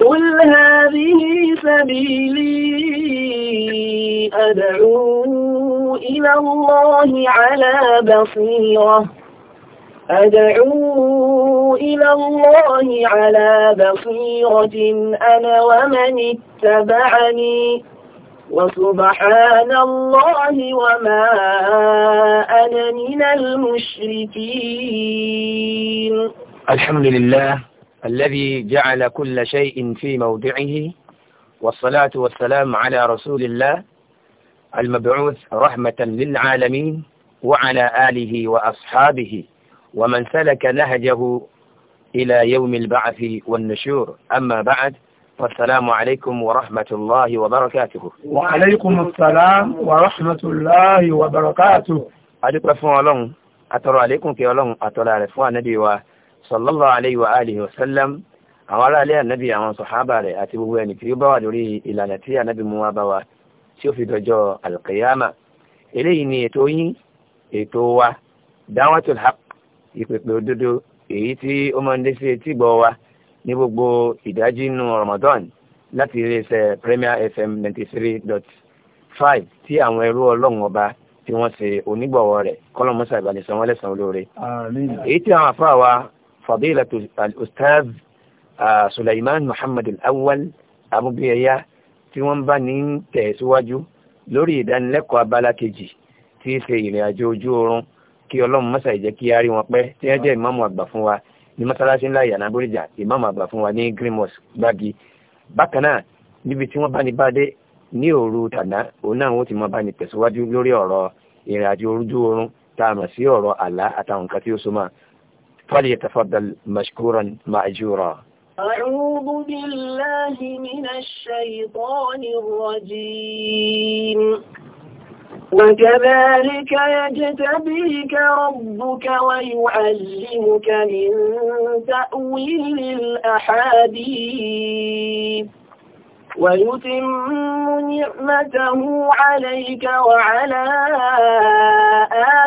قل هذه سبيلي أدعو إلى الله على بصيرة أدعو إلى الله على بصيرة أنا ومن اتبعني وسبحان الله وما أنا من المشركين الحمد لله الذي جعل كل شيء في موضعه والصلاة والسلام على رسول الله المبعوث رحمة للعالمين وعلى آله وأصحابه ومن سلك نهجه إلى يوم البعث والنشور أما بعد فالسلام عليكم ورحمة الله وبركاته وعليكم السلام ورحمة الله وبركاته أدوك فون ألون أترى عليكم كي أترى على فون نبي sallallahu alayhi wa alihi wa sallam àwọn ará ilé ànábì àwọn sọ̀hábà rẹ̀ àti gbogbo ẹni tí ó bá wà lórí ìlànà tí ànábì mú wá bá wa tí ó fi dọjọ́ alkiyama eléyìí ni ètò yín ètò wa dáwàtul haq ìpèpè òdodo èyí tí ó máa ń dé sí etí gbọ́ wa ní gbogbo ìdájí inú Ramadan láti iléeṣẹ́ Premier FM ninety three dot five tí àwọn ẹrú ọlọ́run ọba tí wọ́n ṣe onígbọ̀wọ́ rẹ̀ kọ́lọ́mọ́sà ìbánisọ̀ wọn lẹ́sàn-án olóore. èyí tí àwọn àfáà wa فضيلة الأستاذ سليمان محمد الأول أبو بيايا tí wọ́n bá ní tẹ̀síwájú lórí ìdánilẹ́kọ̀ọ́ abala kejì tí í ṣe ìrìn àjò ojú oorun kí ọlọ́run mọ́sà ìjẹ́ kí á rí wọn pẹ́ tí wọ́n jẹ́ ìmáàmù àgbà fún wa ní mọ́sálásí ńlá ìyànà bóríjà ìmáàmù àgbà fún wa ní green mosque gbági bákan náà níbi tí wọ́n bá ní bádé ní òru tàná òun náà wọ́n ti mọ́ bá ní tẹ̀síwájú lórí ọ̀rọ̀ ìrìn àjò ojú oorun tá a mọ̀ sí ọ̀rọ̀ àlá àtàwọn nǹkan tí ó so máa فليتفضل مشكورا مأجورا أعوذ بالله من الشيطان الرجيم وكذلك يجتبيك ربك ويعلمك من تأويل الأحاديث ويتم نعمته عليك وعلى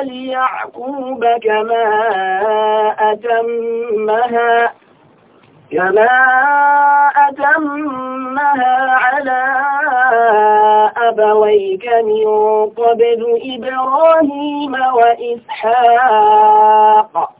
آل يعقوب كما أتمها كما أتمها على أبويك من قبل إبراهيم وإسحاق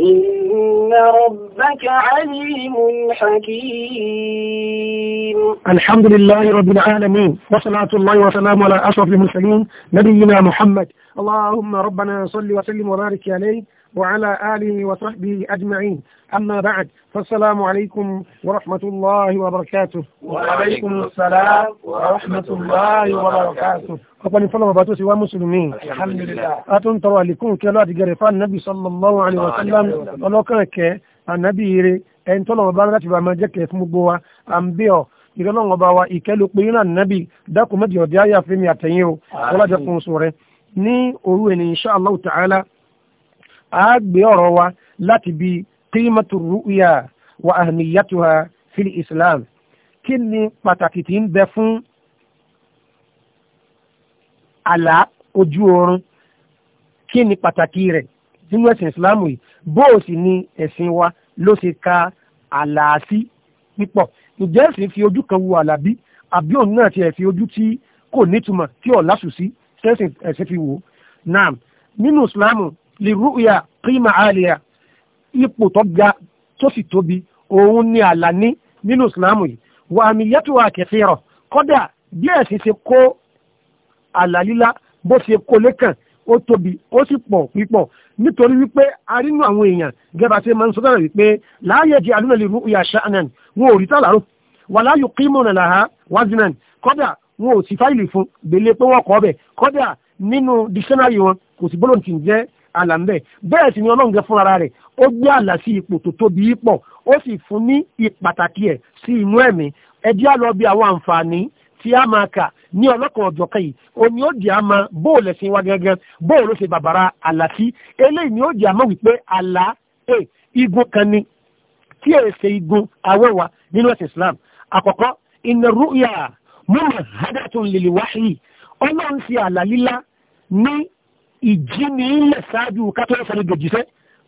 إن ربك عليم حكيم الحمد لله رب العالمين وصلاة الله وسلامه على أشرف المرسلين نبينا محمد اللهم ربنا صل وسلم وبارك عليه وعلى آله وصحبه أجمعين أما بعد فالسلام عليكم ورحمة الله وبركاته وعليكم السلام ورحمة الله وبركاته ọ̀pọ̀ ni fọ́lọ̀mọ̀ bá tó ti wá mùsùlùmí a tó ń tọrọ àlékún kí ọlọ́ àdìgẹ̀rẹ̀ fún ànábì sallallahu alaihi wa sallam ọlọ́kàn kẹ́ ànábì ire ẹni tọ́lọ̀mọ̀ bá láti bá máa jẹ́ kẹ́ fún gbogbo wa à ń bí ọ ìrọ́lọ́wọ́ bá wa ìkẹ́lù pé yín ànábì dákun méjì ọ̀dẹ́ àyàfẹ́ mi àtẹ̀yìn o ọlọ́jọ́ a gbé ọ̀rọ̀ wa láti bi qimatu ru'ya wa ahmiyatuha fil islam kí ni pàtàkì tí ń bẹ fún àlá ojú oorun kí ni pàtàkì rẹ̀ nínú ẹ̀sìn islam yìí bó o sì ni ẹ̀sìn wa ló ṣe ka àlàásí pípọ̀ ǹjẹ́ ẹ̀sìn fi ojú kan wo àlàbí àbí òun náà ti ẹ̀ fi ojú tí kò nítumọ̀ tí ọ̀ lásù sí ṣẹ́sìn ẹ̀sìn fi wò náà nínú ìsìláàmù lè rúùyà kíma àlìyà ipò tó ga tó sì tóbi òun ni àlàní nínú ìsìlámù yìí wà àmì yàtò àkẹfẹ́ rọ̀ kọ́dà bí ẹ̀sìn ṣe kó àlàlílá bó ṣe kó lẹ́kàn ó tóbi ó sì pọ̀ pípọ̀ nítorí wípé a rí nù àwọn èèyàn gẹ́gẹ́ bá ṣe máa ń sọ́dọ̀ wípé láàyè di àdúrà lè rú ìyá wọn ò rí tàlárò wà láàyò kímọ̀nà làhá wázinan kọ́dà wọn ò sì fáìlì fún gbélé pé wọ́n kọ́ ọbẹ̀ kọ́dà nínú dictionary wọn kò sí bọ́lọ̀ tí ń jẹ́ àlà ń bẹ̀ bẹ́ẹ̀ sì ni ọlọ́run gẹ fúnra rẹ̀ ó gbé àlà sí ipò tó tóbi pọ̀ ó sì fún ní ìpàtàkì ẹ̀ sí inú ẹ̀mí ẹdí á lọ bí àwọn àǹfààní tí a máa kà ní ọlọ́kan ọ̀jọ̀kan yìí o ní ó di àmọ́ bóòlù ẹ̀sìn wa gẹ́gẹ́ bóòlù ṣe bàbàrà àlà sí eléyìí ni ó di àmọ́ wípé àlà ẹ̀ igun kan ni tí ẹ̀ ṣe igun awẹ́wà nínú ẹ̀sìn Islam àkọ́kọ́ inna ru'ya mumahhadatun lil wahyi ọlọ́run ṣe àlà lílá ní ìjí ní ilẹ̀ ṣáájú kátólì sọ́dọ̀ gòjìṣẹ́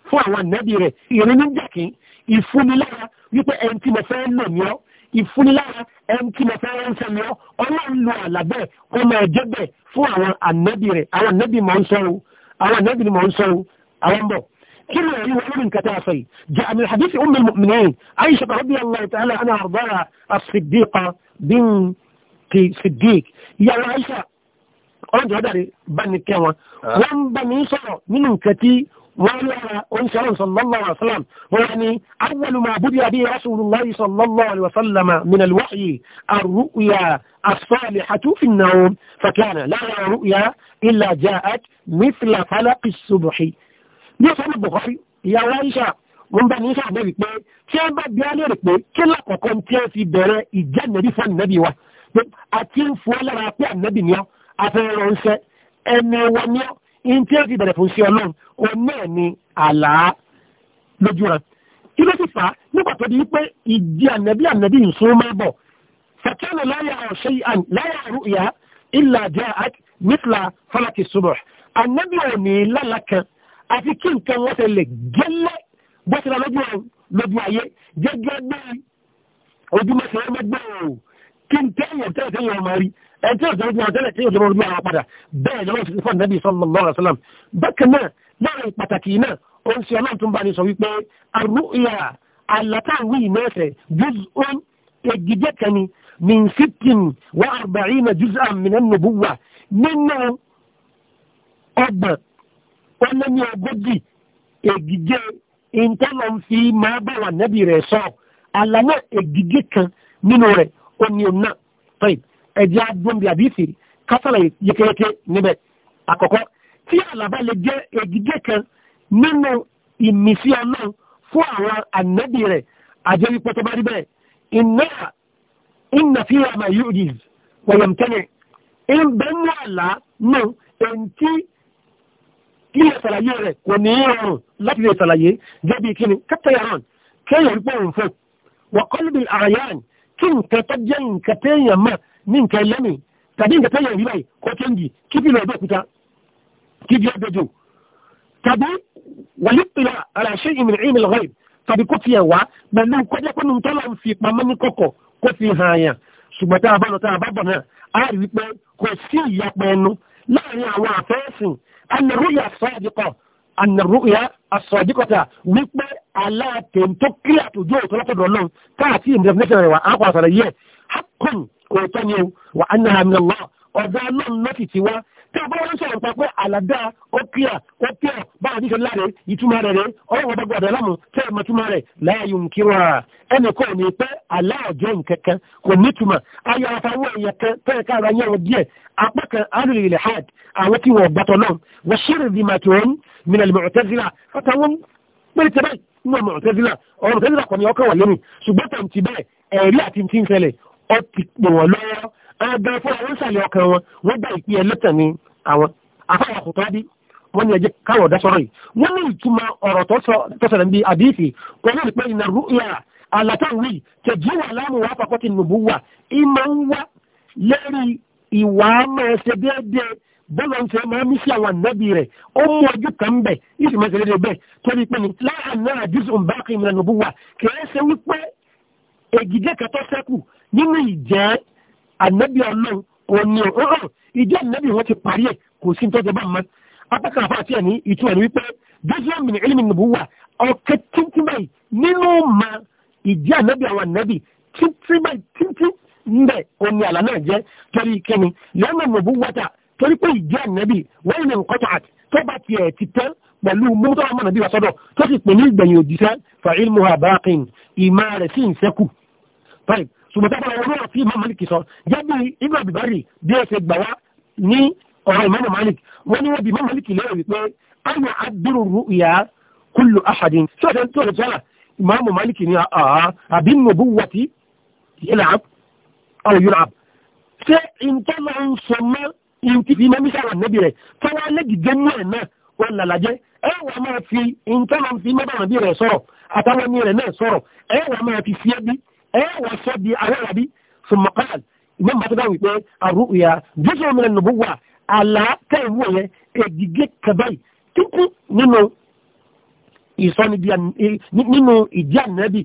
fún àwọn ànábì rẹ̀ ìrìn ní jàkín ìfúnilára wípé ẹni tí mo fẹ́ nà mí ọ́ ìfúnilára ẹni tí mo fẹ́ ránṣẹ́ mí ọ́ ọlọ́run lo àlàbẹ̀ ọmọ ẹ̀jẹ̀ bẹ̀ fún àwọn ànábì rẹ̀ àwọn ànábì mọ̀ ń sọ̀rọ̀ àwọn ànábì mọ̀ ń sọ̀rọ̀ àwọn bọ̀ كما يقول من كتافي جاء من حديث أم المؤمنين عائشة رضي الله تعالى عنها أرضاها الصديقة بنت صديق يا عائشة ọlọ́jọ́ dàrí bá ní kẹ́ wọn ah. wọ́n bá mi sọ̀rọ̀ nínú nǹkan tí wọ́n lára oúnjẹ ọ̀hún sallallahu alaihi wasallam wọ́n ní awwalu ma budi'a bihi rasulullahi sallallahu alaihi wasallam min alwahyi arru'ya as-salihatu fi an-nawm fakana la yara ru'ya illa ja'at mithla falaq as-subhi ní ọ̀sán bọ̀kọ́fí ìyàwó aisha wọ́n bá ní sàbẹ̀ wípé tí wọ́n bá bí alẹ́ rẹ̀ pé kí lákọ̀ọ́kọ́ tí wọ́n fi bẹ̀rẹ̀ ìjẹ́ nẹ́bí fún ànábì wa àti ń fún ọ lára pé ànábì ni ọ́ afẹ́rẹ́ ránṣẹ́ ẹni wọn ní ìyẹn tí ó ti bẹ̀rẹ̀ fún sí ọlọ́run òun náà ni àlá lójú rẹ̀ kí ló ti fà á nígbà tó di pé ìdí ànẹ́bí ànẹ́bí ìṣòro máa bọ̀ fẹ̀kẹ́lẹ̀ láyà ọ̀ṣẹ́ láyà àrú ìyá ìlà jẹ́ mítla fọlákì súbọ̀ ànẹ́bí ò ní lálá kan àti kí nǹkan wọ́n ti lè gẹ́lẹ́ bó ti ra lójú ayé gẹ́gẹ́ bí ojúmọ́ ṣe wọ́n mẹ́gbẹ́ o kí n tẹ́yìn tẹ́yìn tẹ́yìn ọmọ rí ẹtí ọ̀sán ní ọ̀tẹ́lẹ̀ tí òṣèlú olùmọ̀ àwọn padà bẹ́ẹ̀ lọ́wọ́ sí fún nàbí sallallahu alaihi wasallam bákan náà láàrin pàtàkì náà ó ń ṣe ọlọ́run tó ń bá ní sọ wípé arúgbìyà àlàtàwí mẹ́sẹ̀ juz'un egidẹ́ kẹni min sittin wa arba'ina juz'an min an-nubuwwa nínú ọgbọ̀n ó lé ní ogójì fi máa bá wà nàbí rẹ̀ sọ àlànà egidẹ́ kan nínú rẹ̀ ó ní ọ̀nà tọ́yìí ẹ̀jẹ̀ agbóhùnbí àdìsí kásálà yékéyéké níbẹ̀ àkọ́kọ́ tí àlàbà lè jẹ́ ègidé kan nínú ìmísí ọlọ́run fún àwọn ànábì rẹ̀ àjẹ́ wípé tó bá rí bẹ́ẹ̀ iná iná fi hàn máa yóò di wọ̀yọ̀mtẹ́lẹ̀ ìbẹ́nu àlá náà èyí tí ilé ìsàlàyé rẹ̀ kò ní rọrùn láti lè ìsàlàyé jẹ́bi kíni kẹtẹ̀yà hàn kéèyàn pọ̀ òun fún wọ́n kọ́lùbí àyàn kí nǹkan tó jẹ́ nǹkan téèyàn mọ̀ ní nǹkan ẹlẹ́mì tàbí nǹkan téèyàn rí báyìí kó tó ń di kí bí lọ́dọ̀ òkúta kí bí ọdọ̀ jò tàbí wàlí pìlà aláṣẹ ìmìnira ìmìnira ọ̀rẹ́ tàbí kó tiẹ̀ wá pẹ̀lú kọjá pé nínú tọ́lá ń fi pamọ́ ní kọ̀kọ̀ kó hàn yàn ṣùgbọ́n tá a bá lọ tá a bá bọ̀ náà a rí pé kò sí ìyapẹ̀ ẹnu láàrin àwọn àfẹ́sìn anàrúyà sọ́ọ̀dìkọ̀ anàrúyà asọ̀dìkọ̀ta wípé aláàtẹ̀m tó kílí àtòjú òtò lọ́kọ̀dọ̀ náà káàtì ìmìtẹ́fẹ́fẹ́ rẹ̀ wà á kọ́ àṣàrà yẹ hakùn òótọ́ ni wà á nàá mi lọ ọ̀dà náà lọ́kì ti wá tí a bá wọn sọ̀rọ̀ pa pé àlàdá ó kíà ó kíà báwa ní ìṣẹ̀lẹ̀ rẹ̀ ìtumọ̀ rẹ̀ rẹ̀ ọ̀rọ̀ wọn dọ́gba ọ̀dọ̀ lámù tẹ́ ẹ̀ mọ̀ túmọ̀ rẹ̀ láàyè ń kíra ẹnì kan ní pẹ́ aláàjọ́ nkẹ́kẹ́ kò ní túmọ̀ ayé àtàwọn èèyàn kan tẹ́ ẹ̀ka ara yẹn díẹ̀ apá kan alùlù ilẹ̀ hard àwọn tí wọ́n gbàtọ̀ náà wọ́n ṣẹ́rẹ̀ bí màtí wọ́n mìíràn lè mọ̀ nínú ọmọ ọ̀tẹ́sílà ọmọ ọ̀tẹ́sílà kọ̀ ní ọkọ̀ wà lónìí ṣùgbọ́n tàn ti bẹ́ẹ̀ ẹ̀rí àti ti ń ṣẹlẹ̀ ọ ti pè wọ́n lọ́wọ́ ẹgbẹ́ fún àwọn ìsàlẹ̀ ọkàn wọn wọ́n gbà ìpín ẹlẹ́tàn ní àwọn afáwọn àkùtọ́ bí wọ́n ní ẹjẹ́ káwọ̀ dá sọ́rọ̀ yìí wọ́n ní ìtumọ̀ ọ̀rọ̀ tó sọ̀rọ̀ bí ń wá bọ́ọ̀lù ọ̀hún ti máa mí sí àwọn ànábì rẹ̀ ó mú ọjọ́ kan bẹ̀ yìí máa ṣẹlẹ̀ bẹ́ẹ̀ torí pé ní láàrín náà jésù ń bá kí ìmìlẹ̀ nùbú wà kì í ṣe wípé ègìdé nínú ìjẹ́ ànábì ọlọ́run ìjẹ́ ànábì wọn ti parí ẹ̀ kò sí tó jẹ bá mọ́ àti ẹ̀ní torí pé ìjẹ́ ànábì wọ́n ní nǹkan tó àti tó bá tiẹ̀ ti tán pẹ̀lú mútọ́ ọmọ nàbí wàsọ́dọ̀ tó sì pè ní ìgbẹ̀yìn òjíṣẹ́ fàáìl muhabarakin ìmá rẹ̀ sí ìṣẹ́kù. ṣùgbọ́n tábà wọn náà fi ìmọ̀ malik sọ jábí ibà bìbárì bí ó ṣe gbà wá ní ọ̀rọ̀ ìmọ̀ malik wọ́n ní wọ́n bí ìmọ̀ malik lérò wípé àyà àdúrò ru'ya kullu ahadin tí wọ́n tó ìntì bí mẹ́mí sára níbi rẹ̀ tó wá lẹ́gìdé mú ẹ̀ náà wọn làlàjẹ́ ẹ wà máa fi nǹkan fi mẹ́bàrán bí rẹ̀ sọ̀rọ̀ àtàwọn ẹni rẹ̀ náà sọ̀rọ̀ ẹ wà máa fi fi ẹbí ẹ wà sọ di aráàbí sọmọkàl ìmọ̀ màtí bá wípé àrùn ìyá jésù omi ẹnu bó wà àlá tẹ̀wọ̀ yẹn èdìgé kẹbẹ́yì kíkú nínú ìsọ́ni nínú ìdí ànábì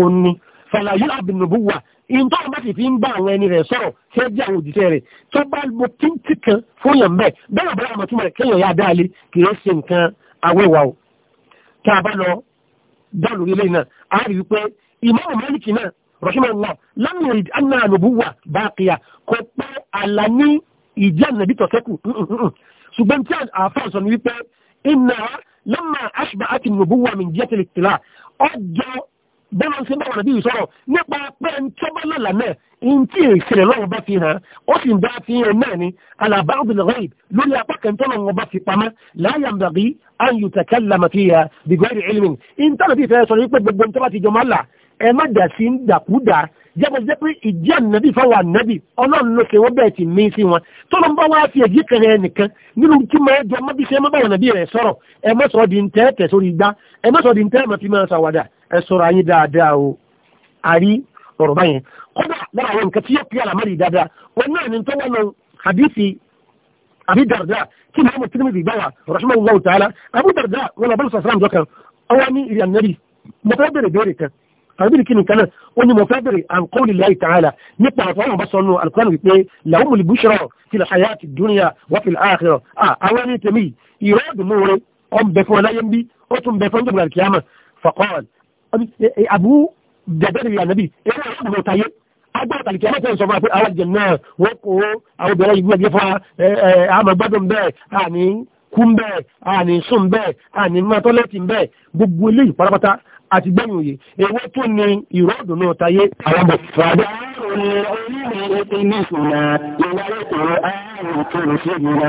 òní fàlàyé àbìnàbùwà ìntọ́ àbá sì fi ń bá àwọn ẹni rẹ̀ sọ̀rọ̀ ṣé jẹ́ àwọn òjíṣẹ́ rẹ̀ tó bá mo tí ń tì kan fún yàn bẹ́ẹ̀ bẹ́ẹ̀ bá àmọ́ túmọ̀ rẹ̀ kéèyàn yá dáa lé kì í ṣe nǹkan awẹ́wà o tá a bá lọ dá lórí eléyìí náà a rí i pé ìmáàmù Málíkì náà rahimahullah lam yurid anna nubuwa baqiya kò pé àlà ní ìjẹ́ ànàbí tọ̀sẹ́kù ṣùgbọ́n tí àáfà sọ ni wípé inna lamma ashba'at an-nubuwa min jihati al-ittila' ọjọ́ bẹ́ẹ̀ ló ń ṣe bá ọ̀rọ̀ bí ìṣòro nípa pé ń tọ́ba lọ́la náà ń tí ìṣẹ̀lẹ̀ lọ́wọ́ bá fi hàn ó sì ń bá fi hàn náà ni alàbá ọ̀dùnlọ́rẹ́ lórí apá kẹntọ́ lọ́wọ́ bá fi pamọ́ láyà ń bàbí ayù tẹ̀kẹ́ lamàfi ya bìgbẹ́rì ilmin ń tọ́lọ̀ bí ìfẹ́ sọ wípé gbogbo ń tọ́ba ti jọmọ́ là ẹ má dà sí ń dàkúdà jẹ́pẹ́jẹ́ pé ìjẹ́ ànábì fáwọn ànábì ọlọ́run ló ṣe wọ́n bẹ̀rẹ̀ ti mí sí wọn tó ló ń bá wáá fi èjì kẹrẹ ẹnìkan nínú tí mo ẹ mọ́bí ṣe mọ́bá ànábì rẹ̀ sọ̀rọ̀ ẹ mọ́sọ̀ọ́ di ń tẹ́ tẹ̀ sórí igbá ẹ di ń tẹ́ mọ́ fi máa ṣàwádà ẹ sọ̀rọ̀ ayé dáadáa o àrí ọ̀rọ̀ báyẹn kódà lára àwọn nǹkan tí yóò pè àlámọ́rì dáadáa wọn náà ní tó wọn lọ àdìsí àbí dàrdà kí ni àwọn tìrìmì gbà wà rọ̀ṣọ́mọ́ wọn ò tààlà àbú dàrdà wọn lọ bọ́lù sàṣàràm jọkàn ọwọ́ ní ìrìn ànárì mo fẹ́ bèrè bèrè kan àbí kí ni kanáà ó ní mo fẹ́ bèrè à ń kọ́ lè láì tààlà nípa àtọ́ àwọn bọ́sọ̀ nù àbú jẹ̀bẹ́rì ànábì eré àwọn ọmọ ọ̀tayé agbára tàbí kí a lọ́sẹ̀ sọmọ àwọn àjẹ̀ náà wọ́n kó àwọn obìnrin ìgbé ẹgbẹ́ fún àmọ́ gbádùn bẹ́ẹ̀ àní kú ń bẹ́ẹ̀ àní sùn bẹ́ẹ̀ àní mọ́tọ́lẹ́tì bẹ́ẹ̀ gbogbo eléyìí pátápátá àti gbẹ̀yìn òye ewé tó ní ìrọ́dùn náà tayé àwọn bọ̀ fàdé. Àwọn olórí ètò ìmísùn náà ìwà ètò ààrùn tó lè ṣe ìrìnà.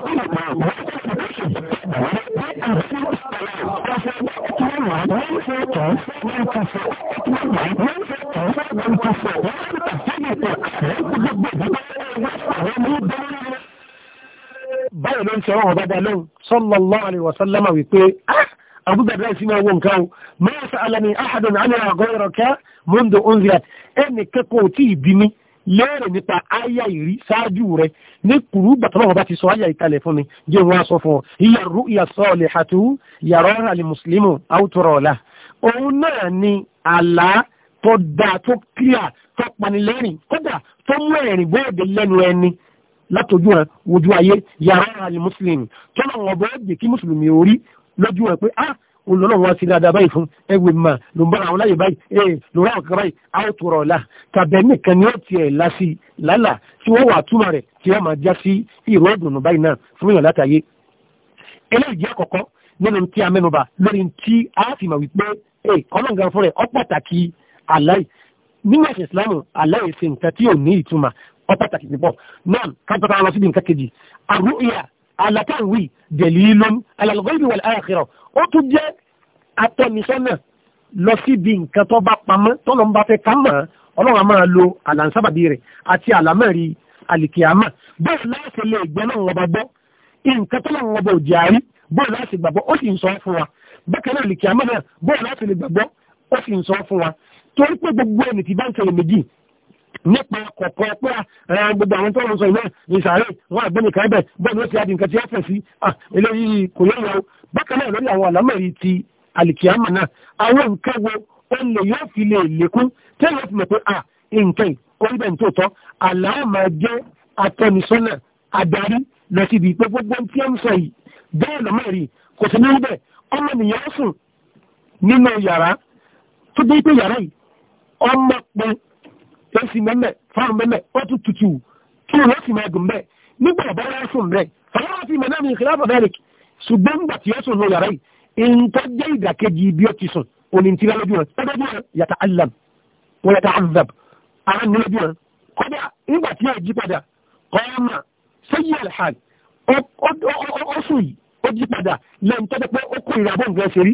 òjíṣẹ́ ọlọ́run bá dá lóhùn sallallahu alaihi wa sallama wípé àbúgbàdá ah, sí máa wọ nǹkan ma sa'alani ahadun ani ghayraka mundu unzilat ẹnì kẹ́kọ̀ọ́ tí ìbí mi léèrè nípa àyà ìrí ṣáájú rẹ ní kùrú bàtọ́lọ́wọ́ bá ti sọ àyà ìkàlẹ̀ fún mi jẹ́ wọn sọ fún ọ ìyà ru'ya salihatu yaraha li muslimu aw tara lah òun náà ni àlá tó dáa tó kíá tó panilẹ́rìn kódà tó mú ẹ̀rìn bóòdè lẹ́nu ẹni látọjú ẹ wojú ayé yàrá àlè mùsùlùmí tọ́lá wọn bọ́ jẹ́ kí mùsùlùmí orí lójú ẹ pé ah olùlọ́wọ́ wa ti dáadáa báyìí fún ẹgbẹ́ mọ́ ló ń bára àwọn láyè báyìí ee ló ra ọ̀kan báyìí àwọn tó rọ̀ ọ̀la tàbẹ̀ nìkan ni ó tiẹ̀ lásì lálà tí wọ́n wà túmọ̀ rẹ̀ tí wọ́n máa já sí ìró ìdùnnú báyìí náà fún èèyàn látàyé. eléyìí jẹ́ àkọ́kọ́ nínú tí a mẹ́nuba lórí tí a fi mọ̀ wípé ee ọlọ́ngàn fún rẹ̀ ọ pàtàkì aláì nínú ẹ̀sìn ọpàtàkì pípọ̀ náà kápẹ́tà lọ síbi nǹkan kejì àrùyà alákàwí dẹ̀lílọ́m alàlùkọ́lùbí wà láàkìrọ̀ ó tún jẹ́ atọ́nisọ́nà lọ síbi nǹkan tó bá pamọ́ tọ́lọ́ ń bá fẹ́ ká mọ̀ ọlọ́run a máa lo àlànsábàbí rẹ̀ àti àlámẹ́rí alìkìyàmà bẹ́ẹ̀ láti lè gbẹ́ náà wọ́n bá gbọ́ nǹkan tó lọ́wọ́ wọ́n bá òjì àárí bẹ́ẹ̀ láti gbàgbọ́ ó sì ń sọ fún wa bákan náà alìkìyàmà náà bẹ́ẹ̀ láti lè gbàgbọ́ ó sì ń nípa kọ̀kọ́ pé ah, ẹran gbogbo àwọn tó ń sọ ìlú ìsàárè wọn àgbẹ̀ nìkan ẹbẹ̀ bẹ́ẹ̀ ni ó ti adi nǹkan tí ẹ fẹ̀ sí ah, eléyìí kò yẹ ìyàwó bákan náà lórí àwọn àlámọ̀rí ti àlìkíyàmà náà àwọn nǹkan wo ó lè yóò fi lè lékún tí èèyàn fi mọ̀ pé à ah, nǹkan orí ní tòótọ́ àlàámà jẹ́ adarí lọ síbi pé gbogbo tí ó ń sọ yìí bẹ́ẹ̀ lọ́mọ rí kò sí níbẹ̀ ọmọ fẹ́ǹsì mẹ́mẹ́ fáwọn mẹ́mẹ́ ó tún tutù kí wọ́n sì máa gùn bẹ́ẹ̀ nígbà ọ̀bá wọn sùn bẹ́ẹ̀ àwọn àti ìmọ̀ náà ní ìkìlá fàbẹ́rìk ṣùgbọ́n nígbà tí ó sùn lọ yàrá yìí nǹkan jẹ́ ìdàkejì bí ó ti sùn òní ti rẹ́ lójú wọn ẹgbẹ́ bí wọn yàtà alam wọn yàtà azab àwọn ní lójú wọn kọ́dà nígbà tí ó jí padà kọ́ọ̀mà sẹ́yìn alhal ó yìí ó jí padà lẹ́yìn tó dẹ́pẹ́ ó kó ìrìnàbọ̀ nǹkan ṣe rí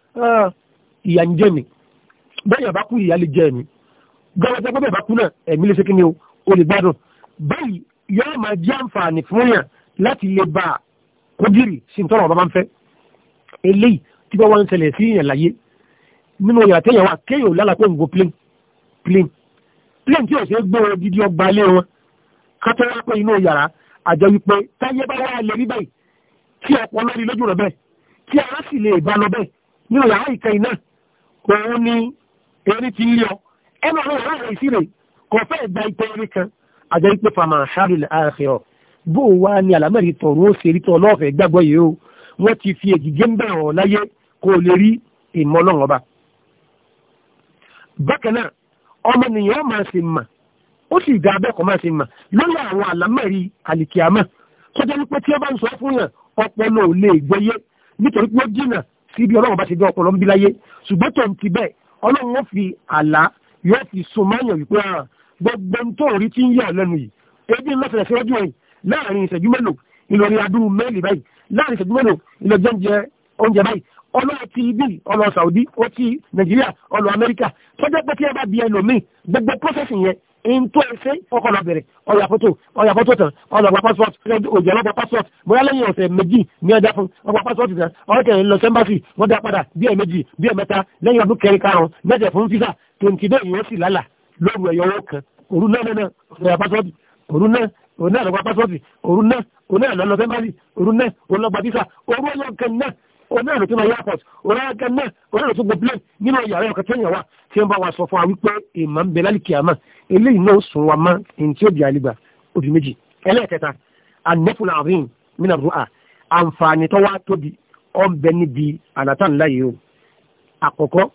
Ah, ìyà ń jẹ mi bẹ́ẹ̀ yàrá kú ìyà lè jẹ mi gbọ́dọ̀ pé bẹ́ẹ̀ bá kú náà ẹ̀mí lè ṣe kí ni o ò lè gbádùn báyìí yóò máa jẹ́ àǹfààní fún yàn láti lè bá kódìrì sí nítorí ọ̀bá máa ń fẹ́ eléyìí tí wọ́n wá ń ṣẹlẹ̀ sí yàn láyé nínú yàrá téèyàn wà kéèyàn lálàá pé òǹgbò plane plane plane tí òṣèré gbé wọn gidi ọgbà ilé wọn ká wá pé inú yàrá àjọ wípé táyé bá wà lè kí ọpọlọ rí lójú rẹ bẹ́ẹ̀ kí ara sì lè bá lọ bẹ́ẹ̀ nínú yàrá ìkẹyì náà òun ni eré ti lé ọ ẹnu àwọn yàrá ìrẹsì rẹ kò fẹ́ gba ìtẹ́ eré kan àjọ ìpè fama haril ahiro bó wa ni àlámẹ́rì tọ̀rọ̀ ó ṣe rí tọ́ gbàgbọ́ yìí o wọ́n ti fi egige ń bẹ̀rẹ̀ ọ̀ láyé kó o lè rí ìmọ̀ ọlọ́run ọba. bákan náà ọmọnìyàn ma ṣe mà ó sì dá abẹ́kọ̀ọ́ máa ṣe mà lórí àwọn àlámẹ́rì àlìkìámà tí ó bá ń sọ fún yàn ọpọlọ sí bí ọlọ́run bá ṣe jẹ́ ọpọlọ ń bí láyé ṣùgbọ́n tó ń ti bẹ́ẹ̀ ọlọ́run ó fi àlá yóò fi sun máyàn wípé hàn ah, gbogbo ń tó rí tí ń yà lẹ́nu yìí ebi ńlá ṣẹlẹ̀ síwájú ẹ̀yìn láàrin ìṣẹ́jú mélòó ìlọrin adúrú mẹ́lì báyìí láàrin ìṣẹ́jú mélòó ìlọjọ́ oúnjẹ báyìí ọlọ́run ti ibi ọlọ́ Saudi ó ti Nàìjíríà ọlọ́ Amẹ́ríkà tó jẹ́ pé kí ẹ bá di ẹlòmíì gbogbo prọ́sẹ̀sì ntó ẹsẹ kọ́kọ́ lọ bẹ̀rẹ̀ ọyà fọ́tò ọyà fọ́tò tán ọlọgbà passport òjò ọlọgbà passport bóyá lẹ́yìn ọ̀sẹ̀ méjì ní ọjà fún ọgbà passport tán ọkẹ lọ sẹmbàsì wọn dá padà bí ẹ méjì bí ẹ mẹ́ta lẹ́yìn ọdún kẹrin karùn mẹsẹ fún fisa tòǹtì náà yóò sì lálà lóru ẹyọ owó kan òru passport òru náà passport òru náà òru náà lọ sẹmbàsì òru náà òru náà òun náà ló tún lọ airport òun náà gẹ́gẹ́ náà òun náà ló tún gbé plane nínú yàrá ẹ̀kọ́ tó yàn wá tí wọ́n bá wa sọ fún wa wípé ìmọ̀ ń bẹ lálìkì àmọ́ eléyìí náà sùn wa mọ́ èyí tí ó di àlìgbà òbí méjì ẹlẹ́ẹ̀kẹta anẹ́fúnà àríyìn mínà rúà àǹfààní tó wá tóbi ọ̀bẹ níbi ànátàn láyé o àkọ́kọ́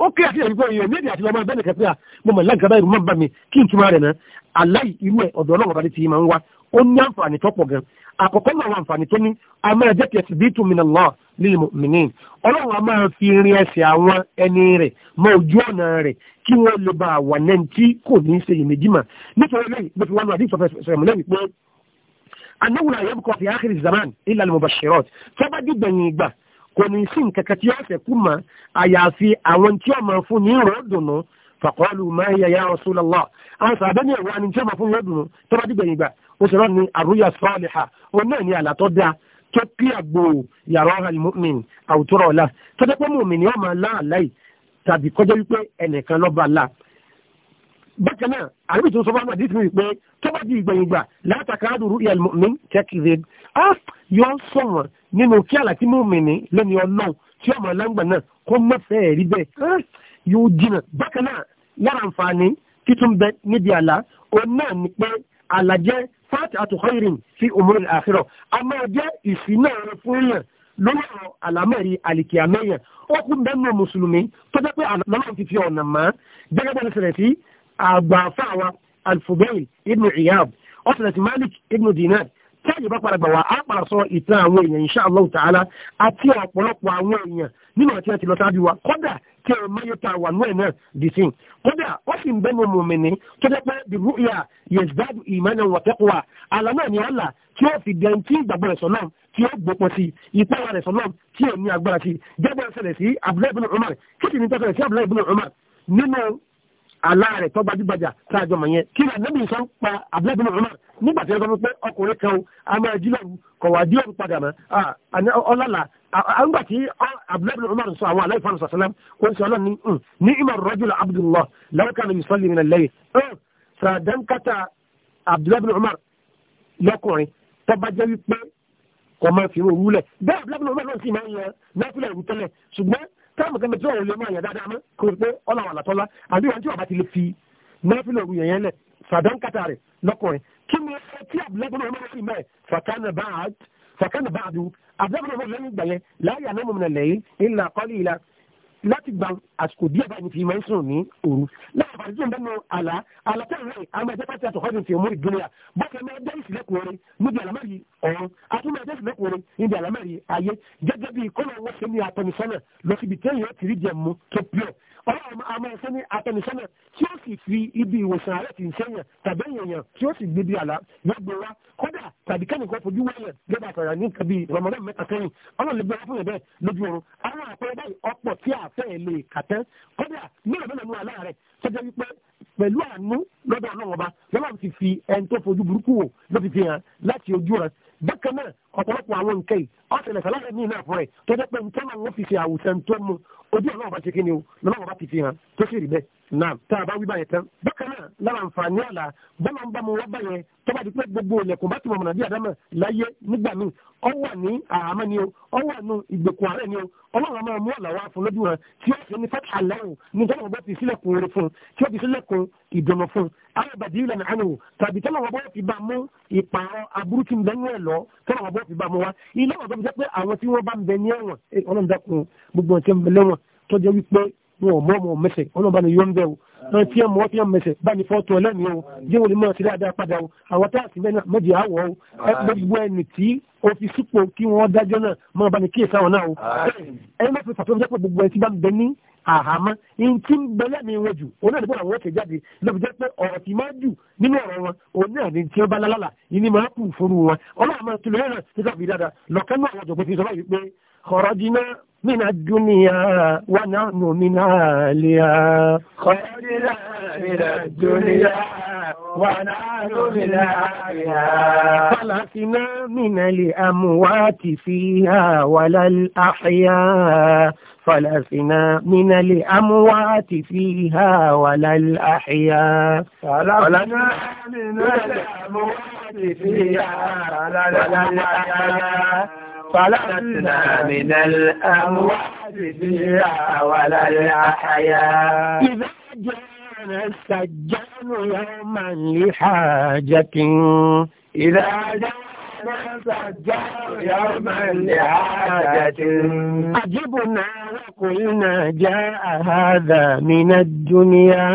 ó kí àti ẹ̀rí pé èèyàn méjì àti ọmọ ẹgbẹ́ nìkan pé à mo mọ̀ láǹkà báyìí mo bá mi kí n túmọ̀ rẹ̀ náà aláì irú ẹ̀ ọ̀dọ̀ ọlọ́run ọ̀bàdì ti máa ń wá ó ní àǹfààní tó pọ̀ gan àkọ́kọ́ náà wà àǹfààní tó ní a máa jẹ́ kí ẹ̀sìn bí tùmí náà lọ́ọ̀ lílì mìíní ọlọ́run a máa fi rin ẹsẹ̀ àwọn ẹni rẹ̀ mọ ojú ọ̀nà rẹ̀ kí wọ́n lè bá wà náà tí kò ní í ṣe iyèméjì mà nítorí lẹ́yìn bó ti wá lọ àdìsọ fẹsẹ̀rẹ̀mù lẹ́yìn anáwó náà yẹ kọ́ fi áhìrì zaman ilà al-mubashirat bá dìgbẹ̀yìn ìgbà kò ní sí nǹkan kan tí yóò ṣẹ̀kú mọ́ àyàfi àwọn tí ó máa fún ní ìrọ̀ dùnú fàkọ́lù máa ń yẹ̀yà Rasulullah àwọn sàbẹ́ ní ẹ̀wọ́ ni tí ó máa fún ní ìrọ̀ dùnú tó bá dìgbẹ̀yìn gbà ó ṣe rán ní àrúyà sọ́ọ̀lìhà òun náà ní àlá tó dáa tó kí àgbo yàrá al-mu'min àwùjọ ọ̀la tó dẹ́pẹ́ mùmí ni máa lá àlá yìí tàbí kọjá wípé ẹnìkan lọ́ba lá bákan náà àríbí tó sọ́fà náà dìtìmí pé tó bá di ìgbẹ̀yìn gbà látàkà àdúrú ìyá mi kẹ́kìrì á yọ sọ̀rọ̀ nínú kí àlàtí mú mi ní lẹ́ni ọlọ́run tí ọmọ aláǹgbà náà kó má fẹ́ rí bẹ́ẹ̀ yóò jìnà bákan náà lára àǹfààní títún bẹ níbi àlá òun náà ni pé àlá jẹ́ fáàtì àtúkọ́yìrìn fi òmùrè àfihàn a máa jẹ́ ìfínà rẹ fún yàn lórí àlámẹ́rí àlìkìyàmẹ́yàn ó kún bẹ́ẹ̀ mú mùsùlùmí tó jẹ́ pé àlọ́ àgbà fáwa alfubail ibn iyab ọ̀sẹ̀lẹ̀tì malik ibn dinar tẹ́lẹ̀ bá padà gbà wá á padà sọ ìtàn àwọn èèyàn insha Allah ta'ala àti ọ̀pọ̀lọpọ̀ àwọn èèyàn nínú àti àti lọ sáájú wa kódà kí ẹ mẹ́yẹ ta wà lóẹ̀ náà di sí kódà ó sì ń bẹ́nu mùmìnì tó jẹ́ pé the ruya yazdadu imanan wa taqwa àlà náà ni àlà tí ó fi dẹn tí ìgbàgbọ́ rẹ̀ sọ̀nà tí ó gbópọ̀ sí ipá rẹ̀ sọ̀nà tí ò ní agbára sí jẹ́gbẹ́ ṣẹlẹ̀ sí Abdullahi ibn Umar kí sì ní tẹ́sẹ̀lẹ̀ sí Abdullahi ibn Umar nínú aláàrẹ̀ tó gbajúgbajà sáàjọ mọ̀ yẹn kí ni ànábì sọ ń pa abúlé bínú ọmọ nígbà tí wọ́n pé ọkùnrin kan a máa jí lọ́rù kọ̀ wá dí òru padà mọ́ ọlọ́lá àgbà tí abúlé bínú ọmọ sọ àwọn aláìfọ́ àrùn sàṣẹ́lá ó ń sọ ọlọ́ni hmm, ní ìmọ̀ rọ́jò la abdullah lọ́wọ́ kan lè sọ lè rìn lẹ́yìn sàdánkátà abúlé bínú ọmọ lọ́kùnrin tó bá jẹ́ wípé kọ̀ máa fi táàmù kan bẹ tí òun lè mọ èèyàn dáadáa mọ́ kò pé ọlọ́wọ́ àlàtọ́lá àbí wọn tí ọba ti lè fi náfìlì òru yẹn yẹn lẹ̀ fàdánkàtà rẹ̀ lọ́kùnrin kí ni tí àbúlẹ́gbọ̀n ọmọ rẹ̀ mẹ́ fàkànnà báàdù àbúlẹ́gbọ̀n ọmọ rẹ̀ lẹ́yìn ìgbà láyà náà mọ̀mọ́ láti gba àsìkò díẹ̀ báyìí fi máa ń sùn ní òru láwọn àti tó ń bẹnu àlá àlá tẹ̀lé rẹ̀ àwọn ẹ̀jẹ̀ pàṣẹ àtọ̀kọ́ ìdìtì òmù ìdúnìyà bọ́kẹ́ máa jẹ́ ìsìlẹ̀kùn rẹ̀ níbi àlámẹ́rì ọ̀run àti máa jẹ́ ìsìlẹ̀kùn rẹ̀ níbi àlámẹ́rì ayé gẹ́gẹ́ bí kọ́nà wọn ṣe ní atọ́nisọ́nà lọ síbi téèyàn ti rí jẹ mú tó pure ọlọ́run a máa ṣe ní atẹnisọ́nà tí ó sì fi ibi ìwòsàn ààrẹ ti ń ṣẹ́yàn tàbí èèyàn tí ó sì gbébi àlá gbogbo wa kódà tàbí kẹ́nìkan fojú wẹ̀yẹ̀ gbẹ́dà àtàrà ní nǹkan bíi ramadan mẹ́ta sẹ́yìn ọlọ́run lè gbẹ́ra fún yẹn bẹ́ẹ̀ lójú oorun àwọn àpẹẹrẹ báyìí ọ̀pọ̀ tí a fẹ́ lè kàtẹ́ kódà mélòó mélòó nu àlá rẹ̀ tọ́jú wípé pẹ̀lú àánú rẹ̀ bákan náà ọ̀pọ̀lọpọ̀ àwọn nǹkan yìí ọ̀sẹ̀lẹ̀ sàlàyé mi náà fún ẹ̀ tó jẹ́ pé nǹkan náà wọ́n fi ṣe àwòsàn tó mu ojú ọ̀nà ọba ṣe kí ni o lọ́nà ọba fi fi hàn tó sì rí bẹ́ẹ̀ náà tá a bá wí báyẹn tán bákan náà lára àǹfààní àlà bọ́lá ń bá mu wá báyẹn tó bá di pé gbogbo ilẹ̀kùn bá ti mọ̀mọ́ nàbí àdámọ̀ láyé nígbà míì ọ wà ní àhámọ́ ni o ọ wà nù ìgbèkùn àárẹ̀ ni o ọlọ́run máa mú ọ̀là wá fún lójú hàn tí ó ṣe ní fẹ́ àlẹ́ o ní tọ́lọ́mọba fi sílẹ̀kùn rẹ̀ fún tí ó fi sílẹ̀kùn ìdùnnú fún alábàdí ìlànà àánú tàbí tọ́lá wọn bọ́ fi bá mú ìpààrọ̀ aburú tí ń bẹ ní ẹ̀ lọ tọ́lá wọn bọ́ fi bá mú wa ilé wọn tó fi jẹ́ pé àwọn tí wọ́n bá ń bẹ ní ẹ̀wọ̀n ọlọ́run dákun gbogbo ọ̀tí ń bẹ lẹ́wọ̀n tó jẹ́ wípé wọn ò mọ́ ọmọ mẹsẹ̀ ọlọ́run bá ní yọ̀ ń bẹ̀ o ẹ mọ̀ tí ẹ mẹsẹ̀ bá ní fọ́ tó ẹlẹ́ni o jẹ́ wọlé mọ́ o àwọn tá a ti mẹ́rin méjì àwọ̀ gbogbo ẹni tí o fi sípò ní Ahama ntí bẹ́lẹ̀ mi wọ́n jù òun náà nígbà àwọn òkè jáde lọ́bi jẹ́ pé ọ̀rọ̀ tí máa jù nínú ọ̀rọ̀ wọn òun náà ní tí wọ́n bá lálàlà ìní máa kù fún wọn ọlọ́run máa tulẹ̀ náà nígbà fi dáadáa lọ́kẹ́ náà àwọn ọ̀jọ̀gbọ́n fi sọ báyìí pé kharajna من الدنيا ونحن من عاليا خيرنا من الدنيا ونحن من عاليا فلسنا من الأموات فيها ولا الأحياء فلسنا من الأموات فيها ولا الأحياء فلسنا من الأموات فيها ولا الأحياء خلقنا من الأموات فيها ولا الأحياء إذا جاءنا السجان يوما لحاجة إذا جاءنا سجار يوم لعادة عجبنا وقلنا جاء هذا من الدنيا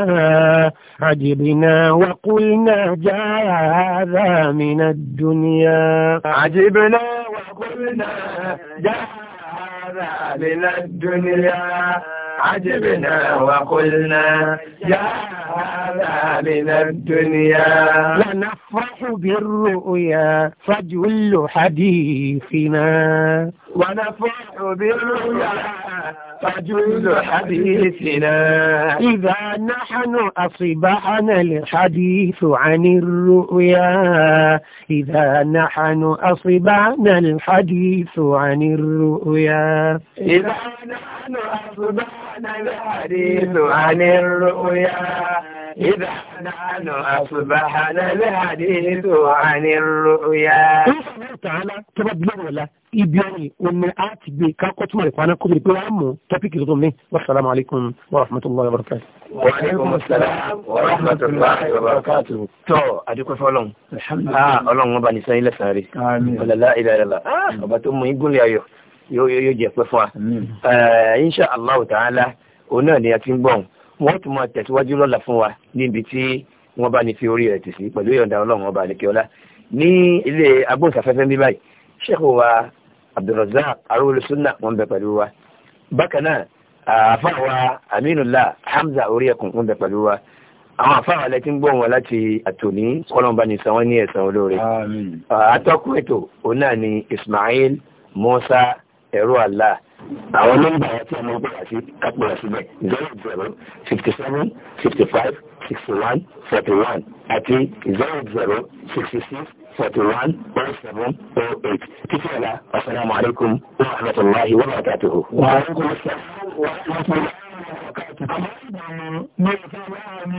عجبنا وقلنا جاء هذا من الدنيا عجبنا وقلنا جاء هذا من الدنيا عجبنا وقلنا يا هذا من الدنيا لنفرح بالرؤيا فجل حديثنا ونفرح بالرؤيا تجوز حديثنا إذا نحن أصبحنا الحديث عن الرؤيا إذا نحن أصبحنا الحديث عن الرؤيا إذا نحن أصبحنا الحديث عن الرؤيا إذا نحن أصبحنا الحديث عن الرؤيا تعالى تبدلوا له إبياني ومن آتبي كاكوتو وأنا كبير بلامو توبيك الظلمي والسلام عليكم ورحمة الله وبركاته وعليكم السلام ورحمة الله وبركاته تو أدوكو فولون الحمد لله آه أولون مباني سيلة ساري آمين ولا لا إله إلا الله آه وباتم يقول يا يو يو يو يو جيكو فوا إن شاء الله تعالى ونالي أتنبون wọ́n tún máa tẹ̀síwájú lọ́la fún wa níbi tí wọ́n bá ní fi orí rẹ̀ tì sí pẹ̀lú ìyọ̀ǹda ọlọ́run ọba àlekíọ́lá ní ilé agbóhùnsáfẹ́fẹ́ ní báyìí sheikh wa abdulrazak arúgbóṣúnà wọ́n bẹ pẹ̀lú wa bákan náà àfa wa hamza orí ẹkùn wọ́n bẹ pẹ̀lú wa àwọn àfáà alẹ́ tí ń gbọ́ wọn láti àtòní kọ́lọ́mbà ní sanwó ní ẹ̀sán olóore atọ́kùn ètò òun náà ni Ismail Musa ẹ̀rọ àlá àwọn nọ́mbà wa tí a máa ń pè àti kápẹ́rẹ́ síbẹ̀ zero zero fifty seven fifty five sixty one forty one àti zero zero sixty six forty one oh seven oh eight títí ọ̀la asalaamu alaykum wa rahmatulahi wa barakatuhu. wa alaykum asalaam wa rahmatulahi wa barakatuhu.